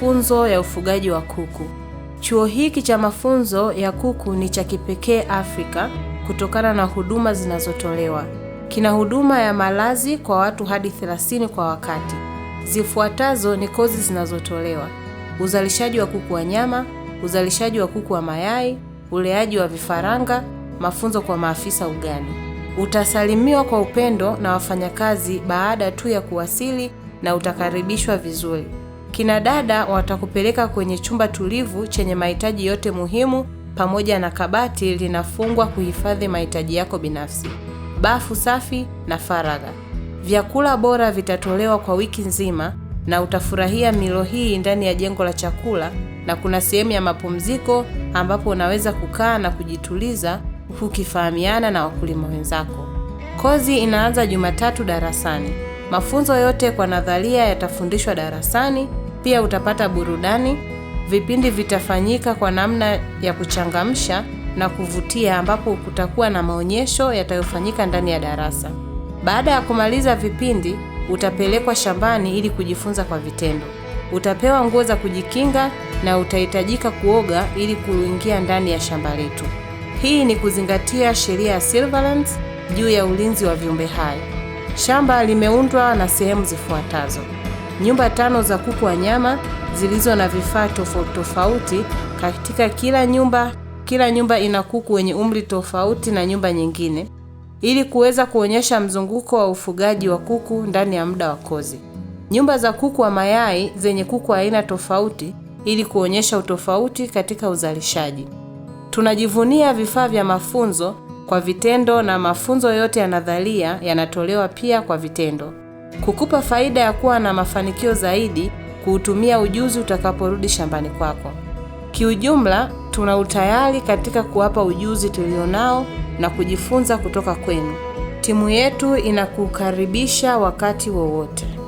mafunzo ya ufugaji wa kuku. Chuo hiki cha mafunzo ya kuku ni cha kipekee Afrika kutokana na huduma zinazotolewa. Kina huduma ya malazi kwa watu hadi 30 kwa wakati. Zifuatazo ni kozi zinazotolewa: uzalishaji wa kuku wa nyama, uzalishaji wa kuku wa mayai, uleaji wa vifaranga, mafunzo kwa maafisa ugani. Utasalimiwa kwa upendo na wafanyakazi baada tu ya kuwasili na utakaribishwa vizuri. Kina dada watakupeleka kwenye chumba tulivu chenye mahitaji yote muhimu pamoja na kabati linafungwa kuhifadhi mahitaji yako binafsi, bafu safi na faragha. Vyakula bora vitatolewa kwa wiki nzima na utafurahia milo hii ndani ya jengo la chakula, na kuna sehemu ya mapumziko ambapo unaweza kukaa na kujituliza huku ukifahamiana na wakulima wenzako. Kozi inaanza Jumatatu darasani. Mafunzo yote kwa nadharia yatafundishwa darasani pia utapata burudani. Vipindi vitafanyika kwa namna ya kuchangamsha na kuvutia, ambapo kutakuwa na maonyesho yatayofanyika ndani ya darasa. Baada ya kumaliza vipindi, utapelekwa shambani ili kujifunza kwa vitendo. Utapewa nguo za kujikinga na utahitajika kuoga ili kuingia ndani ya shamba letu. Hii ni kuzingatia sheria ya Silverlands juu ya ulinzi wa viumbe hai. Shamba limeundwa na sehemu zifuatazo nyumba tano za kuku wa nyama zilizo na vifaa tofauti tofauti katika kila nyumba. Kila nyumba ina kuku wenye umri tofauti na nyumba nyingine, ili kuweza kuonyesha mzunguko wa ufugaji wa kuku ndani ya muda wa kozi. Nyumba za kuku wa mayai zenye kuku aina tofauti, ili kuonyesha utofauti katika uzalishaji. Tunajivunia vifaa vya mafunzo kwa vitendo na mafunzo yote ya nadharia yanatolewa pia kwa vitendo kukupa faida ya kuwa na mafanikio zaidi kuutumia ujuzi utakaporudi shambani kwako. Kiujumla, tuna utayari katika kuwapa ujuzi tulionao na kujifunza kutoka kwenu. Timu yetu inakukaribisha wakati wowote.